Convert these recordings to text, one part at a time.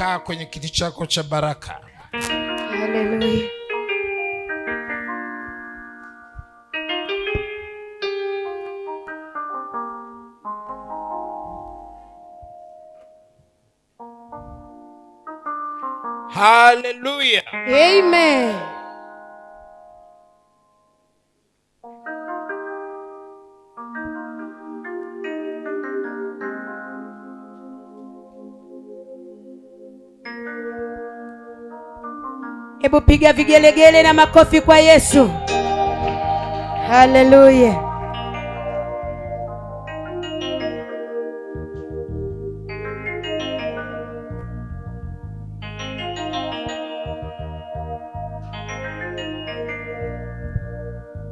kukaa kwenye kiti chako cha baraka. Haleluya. Haleluya. Amen. Hebu piga vigelegele na makofi kwa Yesu. Haleluya.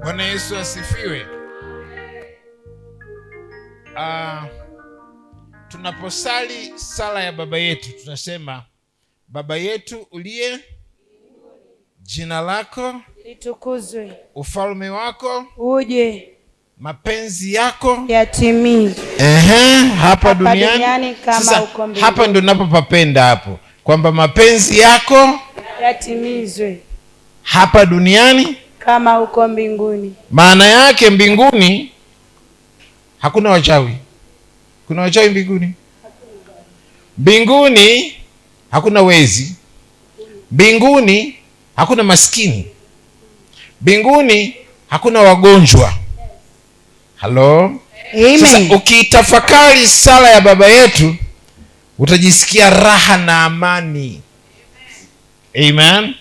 Bwana Yesu asifiwe. Uh, tunaposali sala ya Baba yetu tunasema Baba yetu uliye Jina lako litukuzwe, ufalme wako uje, mapenzi yako yatimie ehe, hapa duniani, kama uko mbinguni. Hapa ndo napopapenda hapo kwamba mapenzi yako yatimizwe hapa duniani kama uko mbinguni. Maana yake mbinguni hakuna wachawi. Kuna wachawi mbinguni? Mbinguni hakuna wezi. Mbinguni hakuna maskini mbinguni, hakuna wagonjwa. Halo, sasa ukitafakari sala ya Baba yetu utajisikia raha na amani. Amen,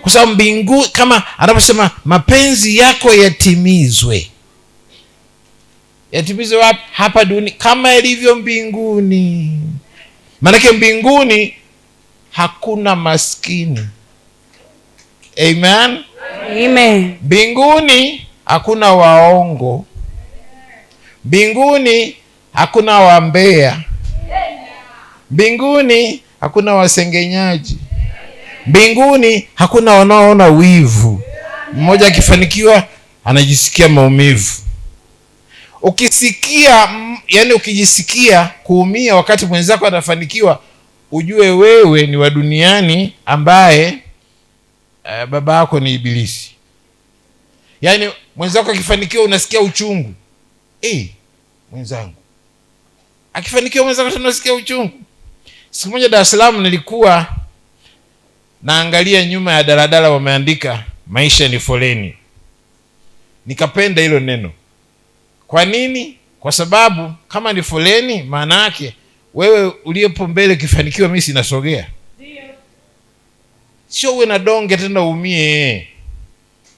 kwa sababu mbingu kama anavyosema mapenzi yako yatimizwe. Yatimizwe Hapa duni kama ilivyo mbinguni. Maanake mbinguni hakuna maskini. Amen. Amen. Mbinguni hakuna waongo, mbinguni hakuna wambea, mbinguni hakuna wasengenyaji, mbinguni hakuna wanaoona wivu. Mmoja akifanikiwa anajisikia maumivu. Ukisikia yani, ukijisikia kuumia wakati mwenzako anafanikiwa, ujue wewe ni wa duniani ambaye uh, baba yako ni Ibilisi. Yaani mwenzako akifanikiwa unasikia uchungu hey, eh, mwenzangu akifanikiwa mwenzangu tena unasikia uchungu. Siku moja Dar es Salaam nilikuwa naangalia nyuma ya daladala wameandika maisha ni foleni. Nikapenda hilo neno. Kwa nini? Kwa sababu kama ni foleni, maana yake wewe uliyepo mbele ukifanikiwa, mi sinasogea sio uwe na donge tena uumie.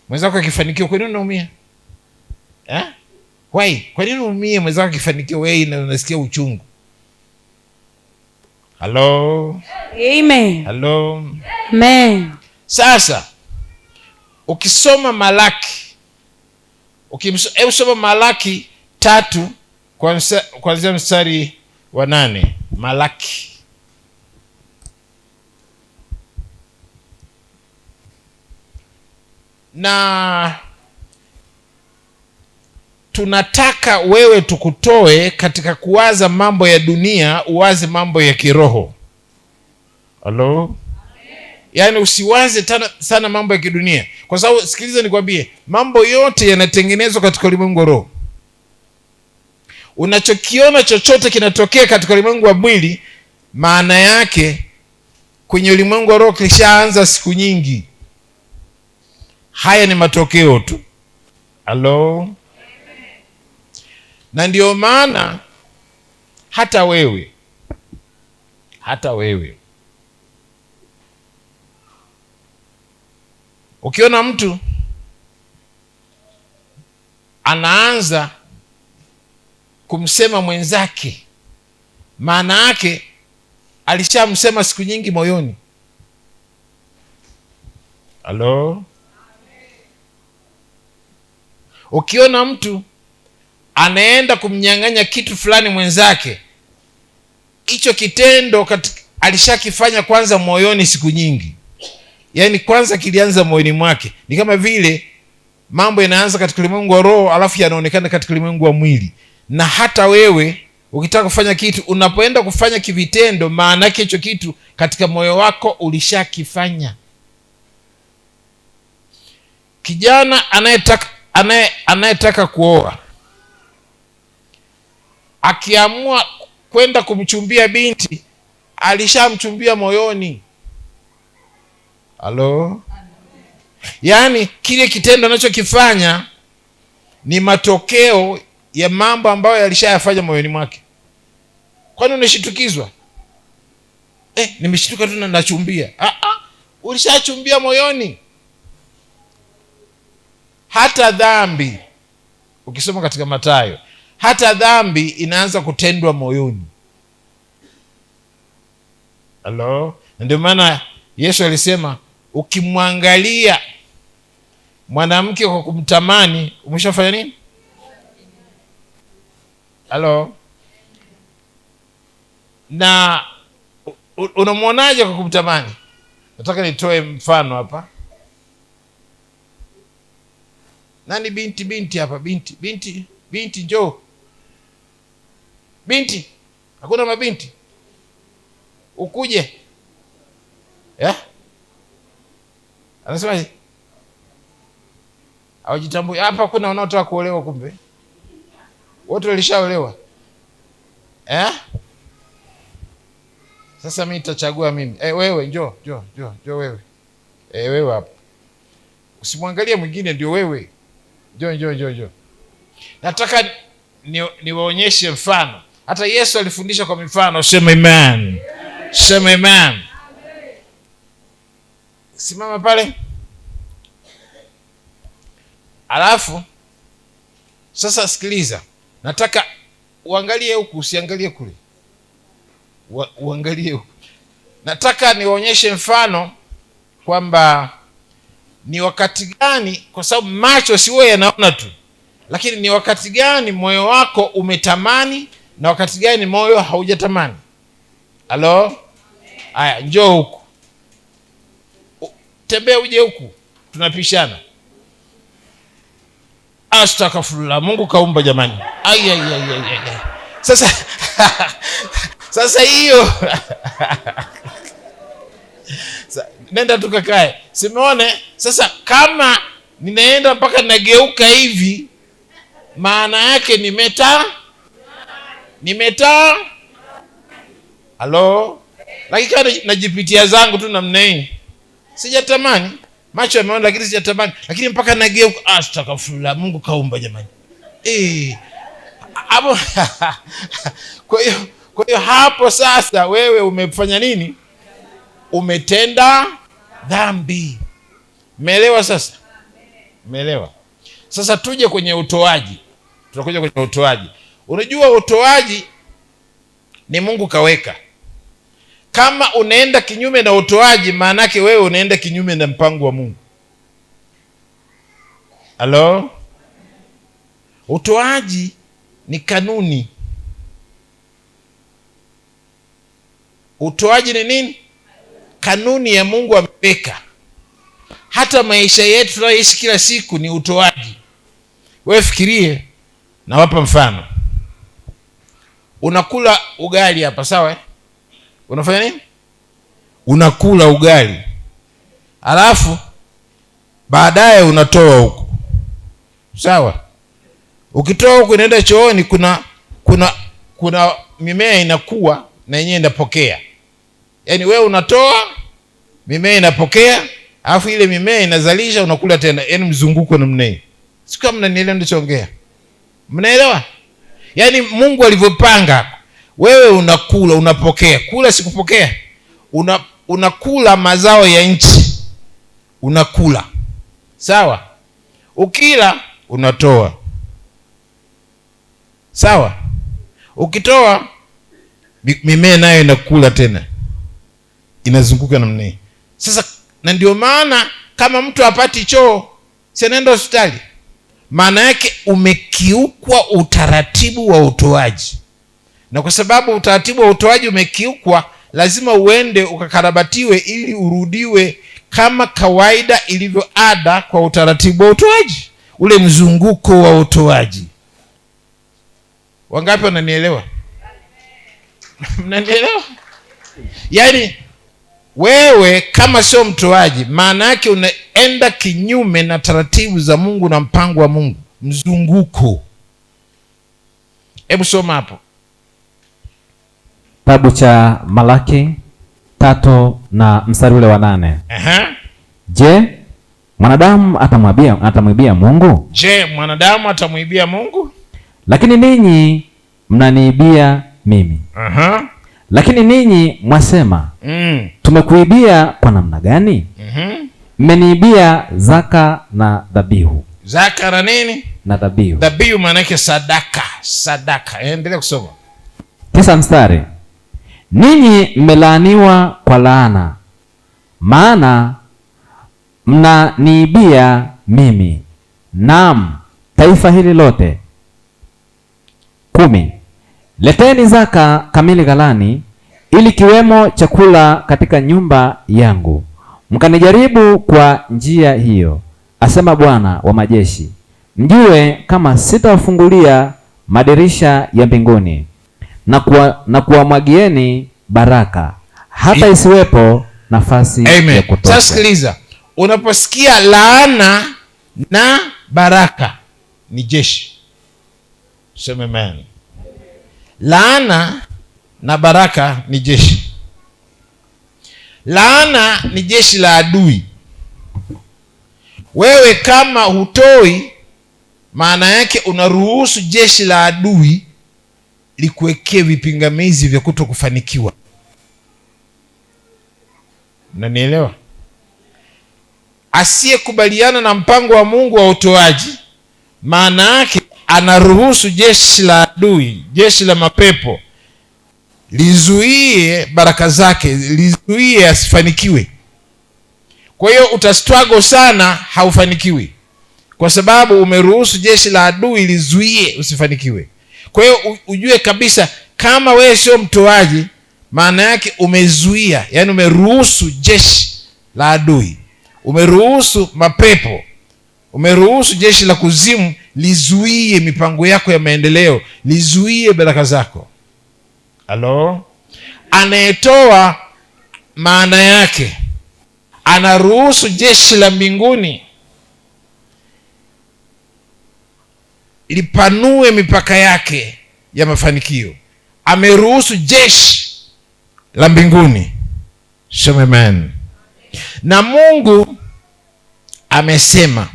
Mwenzako akifanikiwa, kwanini unaumia eh? Why? uumie? Mwenzako akifanikiwa, wewe na unasikia uchungu. Halo, Halo, Sasa ukisoma Malaki, ukisoma Malaki tatu kwanzia mstari wa nane Malaki na tunataka wewe tukutoe katika kuwaza mambo ya dunia, uwaze mambo ya kiroho. Halo, yaani usiwaze tana, sana mambo ya kidunia, kwa sababu sikiliza, nikwambie mambo yote yanatengenezwa katika ulimwengu wa roho. Unachokiona chochote kinatokea katika ulimwengu wa mwili, maana yake kwenye ulimwengu wa roho kishaanza siku nyingi. Haya ni matokeo tu. Halo, na ndiyo maana hata wewe hata wewe ukiona mtu anaanza kumsema mwenzake, maana yake alishamsema siku nyingi moyoni. Halo. Ukiona mtu anaenda kumnyang'anya kitu fulani mwenzake, hicho kitendo alishakifanya kwanza moyoni siku nyingi, yaani kwanza kilianza moyoni mwake. Ni kama vile mambo yanaanza katika ulimwengu wa roho, alafu yanaonekana katika ulimwengu wa mwili. Na hata wewe ukitaka kufanya kitu, unapoenda kufanya kivitendo, maana yake hicho kitu katika moyo wako ulishakifanya. Kijana anayetaka anayetaka kuoa akiamua kwenda kumchumbia binti alishamchumbia moyoni. Halo, yaani kile kitendo anachokifanya ni matokeo ya mambo ambayo yalishayafanya moyoni mwake. Kwani unashitukizwa? Eh, nimeshituka tu nachumbia. Ah, ah, ulishachumbia moyoni hata dhambi ukisoma katika matayo hata dhambi inaanza kutendwa moyoni. Halo, ndio maana Yesu alisema ukimwangalia mwanamke kwa kumtamani umeshafanya nini? Halo, na unamwonaje kwa kumtamani? Nataka nitoe mfano hapa. Nani binti binti hapa? Binti binti binti, jo binti. Hakuna mabinti ukuje, yeah? Anasemaje? Hawajitambui hapa. Kuna wanaotaka kuolewa, kumbe wote walishaolewa eh? Sasa mi nitachagua mimi. Eh, wewe njo njo njo jo wewe. Eh, wewe hapa, usimwangalie mwingine, ndio wewe Njoo, njoo, njoo, njoo. Nataka niwaonyeshe ni mfano. Hata Yesu alifundisha kwa mifano. Sema amen, sema amen. Simama pale, alafu sasa sikiliza, nataka uangalie huku, usiangalie kule, uangalie huku. Nataka niwaonyeshe mfano kwamba ni wakati gani, kwa sababu macho si wewe yanaona tu, lakini ni wakati gani moyo wako umetamani na wakati gani moyo haujatamani. Halo, haya, njoo huku, tembea uje huku, tunapishana. astakafurula Mungu kaumba jamani. Sasa sasa hiyo nenda tukakae. Simeone sasa, kama ninaenda mpaka nageuka hivi, maana yake nimeta nimetaa. Halo, lakini kama najipitia zangu tu namna hii, sijatamani macho yameona, lakini sijatamani, lakini mpaka nageuka, astakafula Mungu kaumba jamani, eh, Kwa hiyo kwa hiyo hapo sasa wewe umefanya nini? umetenda dhambi. meelewa sasa? meelewa sasa, tuje kwenye utoaji. Tunakuja kwenye utoaji. Unajua utoaji ni Mungu kaweka. Kama unaenda kinyume na utoaji, maana yake wewe unaenda kinyume na mpango wa Mungu. Halo, utoaji ni kanuni. Utoaji ni nini? kanuni ya Mungu ameweka. Hata maisha yetu tunayoishi kila siku ni utoaji. Wewe fikirie, nawapa mfano. Unakula ugali hapa, sawa eh? Unafanya nini? Unakula ugali alafu baadaye unatoa huku, sawa. Ukitoa huku inaenda chooni, kuna kuna kuna mimea inakuwa na yenyewe inapokea Yaani wewe unatoa, mimea inapokea, alafu ile mimea inazalisha, unakula tena. Yaani mzunguko namna hiyo. Sio kama mnanielewa nilichoongea? Mnaelewa? Yaani Mungu alivyopanga, wewe unakula, unapokea. Kula sikupokea. Una unakula mazao ya nchi. Unakula. Sawa? Ukila unatoa. Sawa? Ukitoa mimea nayo inakula tena inazunguka namna hii sasa. Na ndio maana kama mtu apati choo si hospitali, maana yake umekiukwa utaratibu wa utoaji, na kwa sababu utaratibu wa utoaji umekiukwa, lazima uende ukakarabatiwe ili urudiwe kama kawaida ilivyo ada kwa utaratibu wa utoaji, ule mzunguko wa utoaji. Wangapi wananielewa? Mnanielewa? Yaani wewe kama sio mtoaji, maana yake unaenda kinyume na taratibu za Mungu na mpango wa Mungu, mzunguko. Hebu soma hapo kitabu cha Malaki tatu na mstari ule wa nane. Aha. Je, mwanadamu atamwibia atamwibia Mungu? Je, mwanadamu atamwibia Mungu? Lakini ninyi mnaniibia mimi. Aha lakini ninyi mwasema mm. tumekuibia kwa namna gani? Mm-hmm. mmeniibia mm -hmm. zaka na dhabihu. Zaka na nini? na dhabihu. Dhabihu maana yake sadaka, sadaka. Endelea kusoma tisa mstari, ninyi mmelaaniwa kwa laana, maana mnaniibia mimi, naam taifa hili lote. kumi Leteni zaka kamili ghalani, ili kiwemo chakula katika nyumba yangu, mkanijaribu kwa njia hiyo, asema Bwana wa majeshi, mjue kama sitawafungulia madirisha ya mbinguni na kuwamwagieni na baraka hata isiwepo nafasi Amen. ya kutosha. Sasa sikiliza, unaposikia laana na baraka ni jeshi, sema Amen. Laana na baraka ni jeshi. Laana ni jeshi la adui. Wewe kama hutoi, maana yake unaruhusu jeshi la adui likuwekee vipingamizi vya kuto kufanikiwa. nanielewa Asiyekubaliana na mpango wa Mungu wa utoaji, maana yake anaruhusu jeshi la adui, jeshi la mapepo lizuie baraka zake, lizuie asifanikiwe. Kwa hiyo utastruggle sana, haufanikiwi kwa sababu umeruhusu jeshi la adui lizuie usifanikiwe. Kwa hiyo ujue kabisa kama wewe sio mtoaji, maana yake umezuia, yani umeruhusu jeshi la adui, umeruhusu mapepo, umeruhusu jeshi la kuzimu lizuie mipango yako ya maendeleo, lizuie baraka zako. Alo, anayetoa maana yake anaruhusu jeshi la mbinguni lipanue mipaka yake ya mafanikio. Ameruhusu jeshi la mbinguni shomeman Na Mungu amesema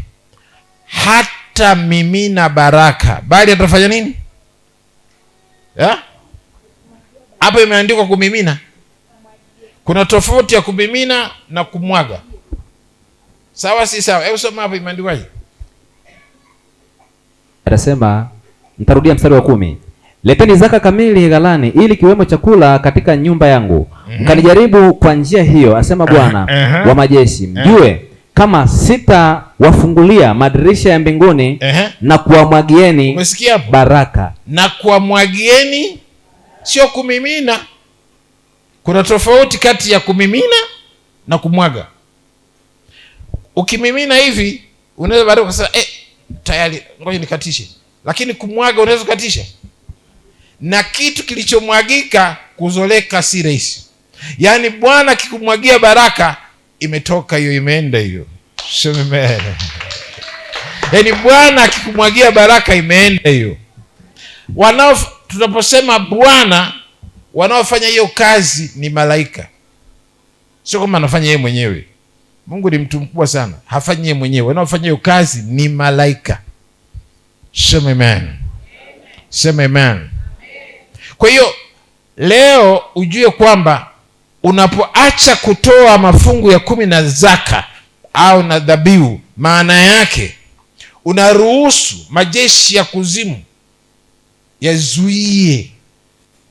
hata hatamimina baraka, bali atafanya nini? Hapo imeandikwa kumimina. Kuna tofauti ya kumimina na kumwaga, sawa si sawa? Hebu soma hapo imeandikwaje. Atasema, ntarudia mstari wa kumi. Leteni zaka kamili ghalani, ili kiwemo chakula katika nyumba yangu, mhm. mkanijaribu kwa njia hiyo, asema Bwana uh -huh. wa majeshi, mjue kama sitawafungulia madirisha ya mbinguni Ehe. na kuwamwagieni baraka na kuwamwagieni, sio kumimina. Kuna tofauti kati ya kumimina na kumwaga. Ukimimina hivi unaweza baadaye ukasema eh, tayari ngoja nikatishe, lakini kumwaga unaweza ukatisha, na kitu kilichomwagika kuzoleka si rahisi. Yaani Bwana akikumwagia baraka imetoka hiyo, imeenda hiyo, seme yaani Bwana akikumwagia baraka imeenda hiyo. Wanao tunaposema Bwana, wanaofanya hiyo kazi ni malaika, sio kama anafanya yeye mwenyewe. Mungu ni mtu mkubwa sana, hafanyi yeye mwenyewe. Wanaofanya hiyo kazi ni malaika. Sema amen, sema Kwa hiyo leo ujue kwamba unapoacha kutoa mafungu ya kumi na zaka au na dhabihu, maana yake unaruhusu majeshi ya kuzimu yazuie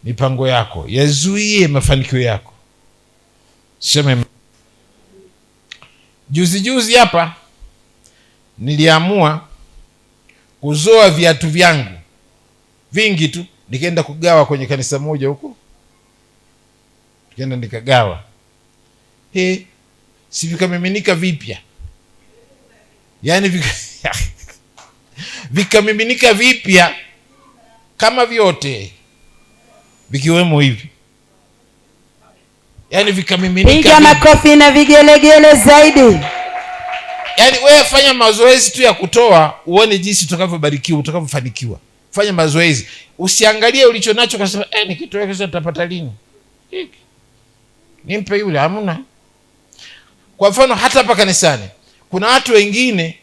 mipango yako, yazuie mafanikio yako. Sema juzi juzi hapa niliamua kuzoa viatu vyangu vingi tu, nikaenda kugawa kwenye kanisa moja huko kenda nikagawa, he, si vikamiminika vipya, yaani vika... vikamiminika vipya kama vyote vikiwemo hivi yani vikamiminika. makofi na vigelegele zaidi. Yani wewe fanya mazoezi tu ya kutoa, uone jinsi utakavyobarikiwa, utakavyofanikiwa. Fanya mazoezi, usiangalie ulicho nacho kasema, eh, nikitoa sasa nitapata lini hiki nimpe yule, hamna. Kwa mfano hata hapa kanisani kuna watu wengine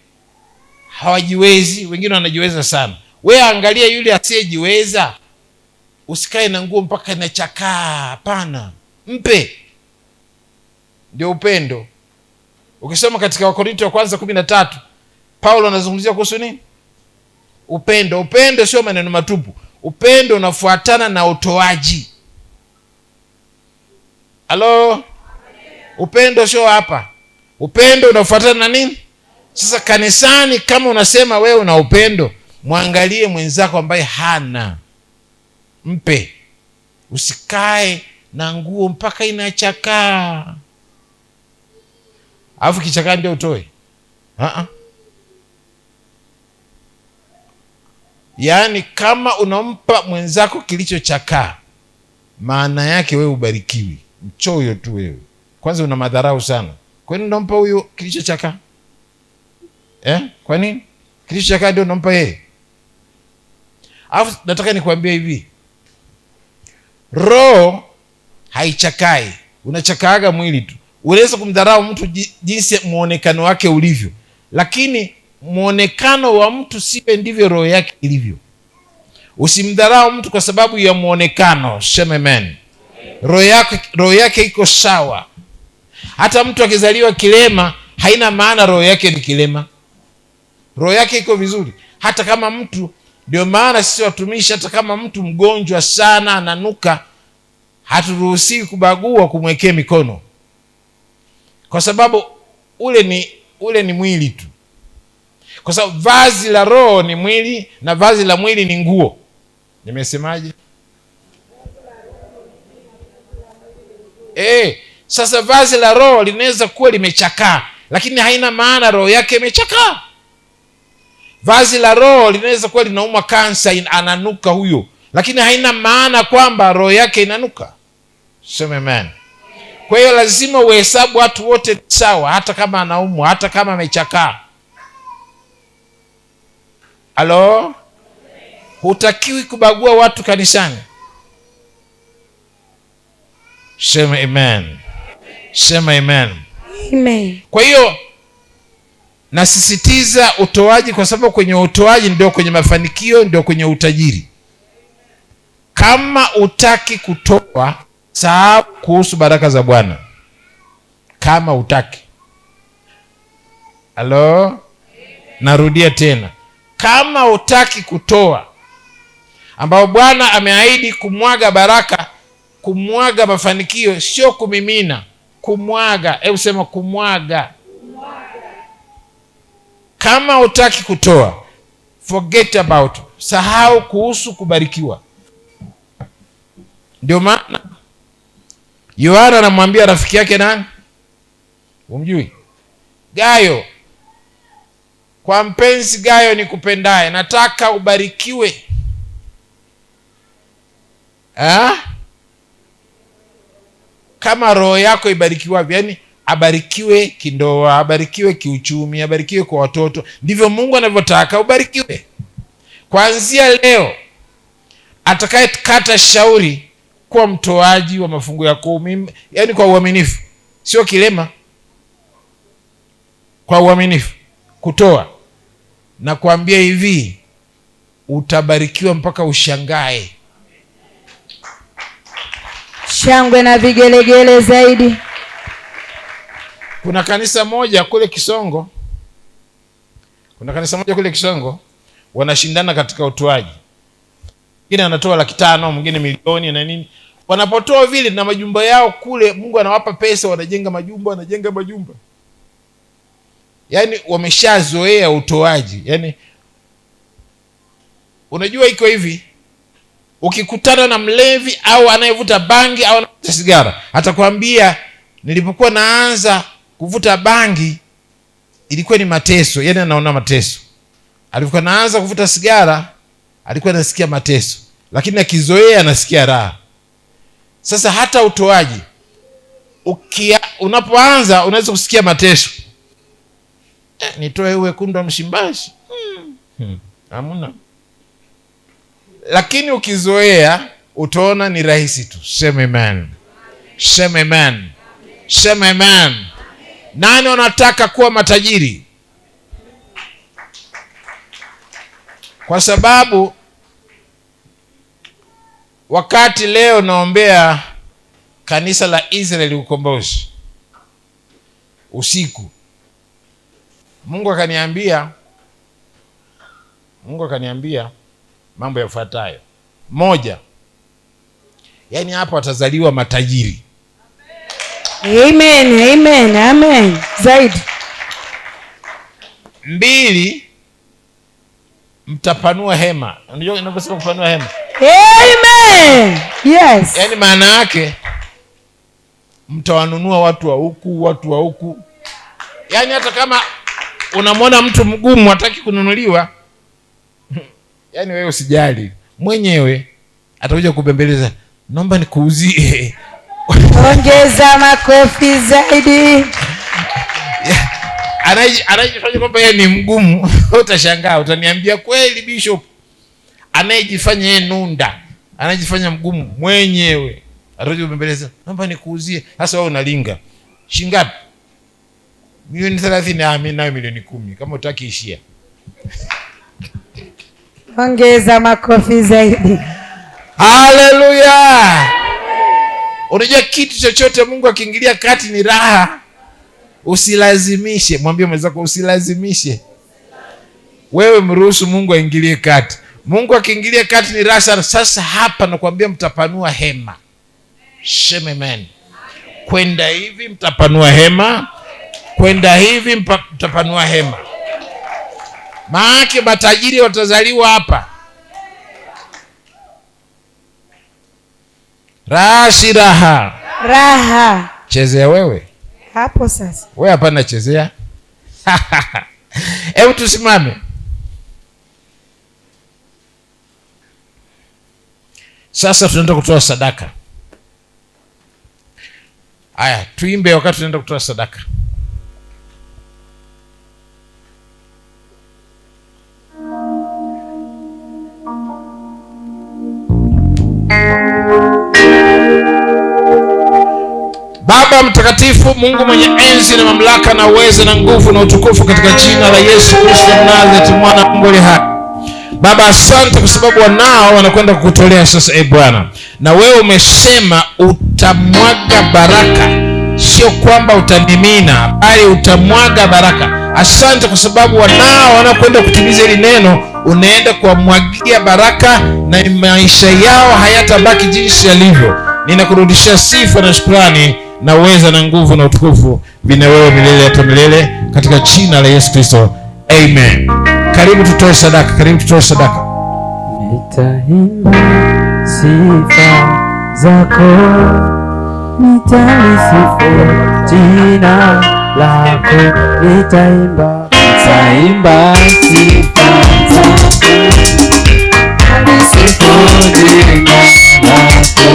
hawajiwezi, wengine wanajiweza sana. We angalia yule asiyejiweza, usikae na nguo mpaka inachakaa. Hapana, mpe. Ndio upendo. Ukisoma katika Wakorinto wa kwanza kumi na tatu Paulo anazungumzia kuhusu nini? Upendo. Upendo sio maneno matupu. Upendo unafuatana na utoaji. Halo, upendo sio hapa. Upendo unafuatana na nini? Sasa kanisani, kama unasema wewe una upendo, mwangalie mwenzako ambaye hana, mpe. Usikae na nguo mpaka inachakaa, alafu kichakaa ndio utoe. uh-uh. Yaani, kama unampa mwenzako kilichochakaa, maana yake wewe ubarikiwi mchoyo tu wewe, kwanza una madharau sana. Kwani unampa kilicho chaka eh? Kwa nini chaka ndio unampa yeye? Alafu nataka nikuambia hivi, roho haichakai, unachakaaga mwili tu. Unaweza kumdharau mtu jinsi mwonekano wake ulivyo, lakini mwonekano wa mtu siwe ndivyo roho yake ilivyo. Usimdharau mtu kwa sababu ya mwonekano. Shema, amen roho yake, roho yake iko sawa. Hata mtu akizaliwa kilema haina maana roho yake ni kilema, roho yake iko vizuri. Hata kama mtu, ndio maana sisi watumishi, hata kama mtu mgonjwa sana ananuka, haturuhusiwi kubagua kumwekea mikono, kwa sababu ule ni ule ni mwili tu, kwa sababu vazi la roho ni mwili na vazi la mwili ni nguo. Nimesemaje? eh. Sasa vazi la roho linaweza kuwa limechakaa, lakini haina maana roho yake imechakaa. Vazi la roho linaweza kuwa linaumwa kansa, ananuka huyo, lakini haina maana kwamba roho yake inanuka. Sema Kwa hiyo lazima uhesabu watu wote sawa, hata kama anaumwa, hata kama amechakaa. Halo, hutakiwi kubagua watu kanisani. Sema amen. Sema amen. Amen. Kwa hiyo nasisitiza utoaji, kwa sababu kwenye utoaji ndio kwenye mafanikio, ndio kwenye utajiri. Kama utaki kutoa, sahabu kuhusu baraka za Bwana kama utaki. Halo, narudia tena, kama utaki kutoa, ambao Bwana ameahidi kumwaga baraka kumwaga mafanikio sio kumimina, kumwaga. Hebu sema kumwaga. Kama utaki kutoa, forget about, sahau kuhusu kubarikiwa. Ndio maana Yohana anamwambia rafiki yake nani, umjui Gayo, kwa mpenzi Gayo ni kupendaye nataka ubarikiwe ha? Ah? kama roho yako ibarikiwavyo, yaani abarikiwe kindoa, abarikiwe kiuchumi, abarikiwe kwa watoto. Ndivyo Mungu anavyotaka ubarikiwe. kwanzia leo, atakayekata shauri kuwa mtoaji wa mafungu ya kumi, yani kwa uaminifu, sio kilema, kwa uaminifu kutoa, na kuambia hivi, utabarikiwa mpaka ushangae shangwe na vigelegele zaidi. Kuna kanisa moja kule Kisongo, kuna kanisa moja kule Kisongo wanashindana katika utoaji, mwingine anatoa laki tano, mwingine milioni na nini. Wanapotoa vile na majumba yao kule, Mungu anawapa pesa, wanajenga majumba, wanajenga majumba, yaani wameshazoea utoaji. Yaani unajua iko hivi Ukikutana na mlevi au anayevuta bangi au anavuta sigara, atakwambia nilipokuwa naanza kuvuta bangi ilikuwa ni mateso, yani anaona mateso. Alivyokuwa naanza kuvuta sigara alikuwa anasikia mateso, lakini akizoea anasikia raha. Sasa hata utoaji ukia, unapoanza unaweza kusikia mateso eh, nitoe uwe kundwa mshimbashi hmm. hmm. hmm lakini ukizoea utaona ni rahisi tu. Sema amen, sema amen, sema amen. Nani wanataka kuwa matajiri? Kwa sababu wakati leo naombea kanisa la Israeli ukombozi usiku, Mungu akaniambia Mungu akaniambia mambo yafuatayo. Moja, yaani hapa watazaliwa matajiri. Amen, amen, amen. Zaidi. Mbili, mtapanua hema. Unajua inavyosema kupanua hema? Amen. Yes. Yaani maana yake mtawanunua watu wa huku, watu wa huku. Yaani hata kama unamwona mtu mgumu hataki kununuliwa yani wewe usijali, mwenyewe atakuja kupembeleza naomba nikuuzie ongeza makofi zaidi. Anayejifanya kwamba yeye ni mgumu, utashangaa, utaniambia kweli Bishop. Anayejifanya yeye nunda, anayejifanya mgumu, mwenyewe atakuja kupembeleza, naomba nikuuzie. Sasa wewe unalinga shingapi? Milioni thelathini. Mimi ah, nayo milioni kumi, kama utaki ishia Ongeza makofi zaidi. Haleluya! Unajua kitu chochote Mungu akiingilia kati ni raha. Usilazimishe, mwambie mwenzako usilazimishe. Wewe mruhusu Mungu aingilie kati. Mungu akiingilia kati ni raha sana. Sasa hapa nakuambia mtapanua hema. Shame amen. Kwenda hivi mtapanua hema, kwenda hivi mtapanua hema. Maake matajiri watazaliwa hapa. rashi raha, raha. Chezea wewe hapo sasa, we hapana chezea. Hebu tusimame. Sasa tunaenda kutoa sadaka. Aya, tuimbe wakati tunaenda kutoa sadaka. Baba Mtakatifu, Mungu mwenye enzi na mamlaka na uweza na nguvu na utukufu, katika jina la Yesu Kristo Mnazareti, mwana wa Mungu hai Baba, asante kwa sababu wanao wanakwenda kukutolea sasa. E Bwana, na wewe umesema utamwaga baraka, sio kwamba utanimina, bali utamwaga baraka. Asante kwa sababu wanao wanaokwenda kutimiza hili neno, unaenda kuwamwagia baraka na maisha yao hayatabaki jinsi yalivyo. Ninakurudishia sifa na shukrani na uweza na nguvu na utukufu vina wewe milele hata milele, katika jina la Yesu Kristo, amen. Karibu tutoe sadaka, karibu tutoe sadaka. Nitaimba sifa zako, nitalisifu jina lako nitaimba taimba sifa zako nisipojenga lako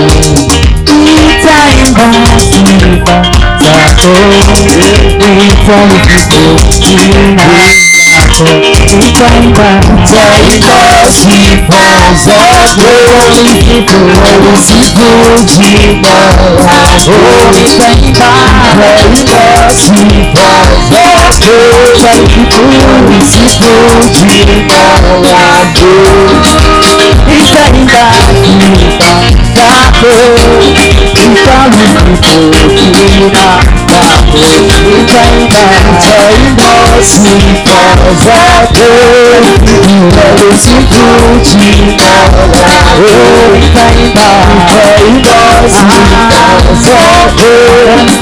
nitaimba sifa zako nitaimba sifa zako Ukwamba Taikozikwa Zazwe Oyikipo Osikujikwa Ukwamba Taikozikwa Zazwe Oyikipo Osikujikwa Ukwamba Taikozikwa Ìtàkùn ìtàlùkù ìtàkùn ìtàkùn ìtẹ̀yìnbọ̀ sí ọ̀zọ́dé ìbẹ̀rù sí kùjì ọ̀la ó ìtàkùn ìtẹ̀yìnbọ̀ sí ọ̀zọ́dé.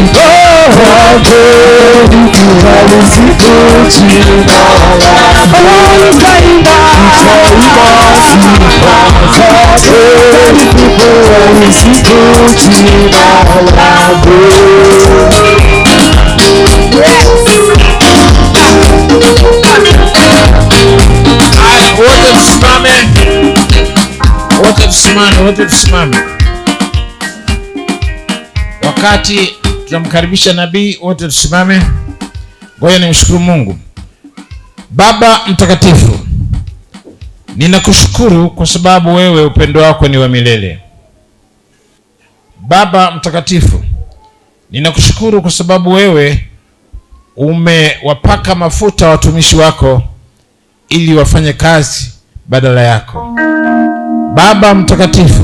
alguém que vai nos encontrar Olhos ainda Posso, posso Alguém que vai nos encontrar ao lado Yes! Ai, outra de cima, man! Outra de cima, outra de cima, Wakati tunamkaribisha nabii wote, tusimame. Ngoja nimshukuru Mungu. Baba Mtakatifu, ninakushukuru kwa sababu wewe upendo wako ni wa milele. Baba Mtakatifu, ninakushukuru kwa sababu wewe umewapaka mafuta watumishi wako ili wafanye kazi badala yako. Baba Mtakatifu,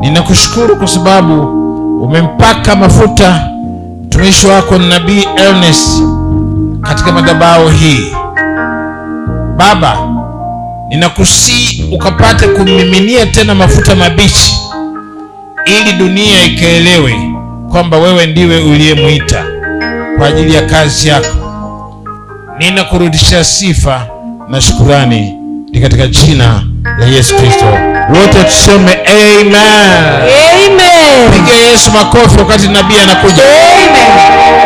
ninakushukuru kwa sababu umempaka mafuta mtumishi wako nabii Ernest katika madhabahu hii. Baba, ninakusii ukapate kumiminia tena mafuta mabichi, ili dunia ikaelewe kwamba wewe ndiwe uliyemwita kwa ajili ya kazi yako. Ninakurudishia sifa na shukurani ni katika jina na Yesu Kristo. Wote tuseme amen. Amen. Piga Yesu makofi wakati nabii anakuja. Amen.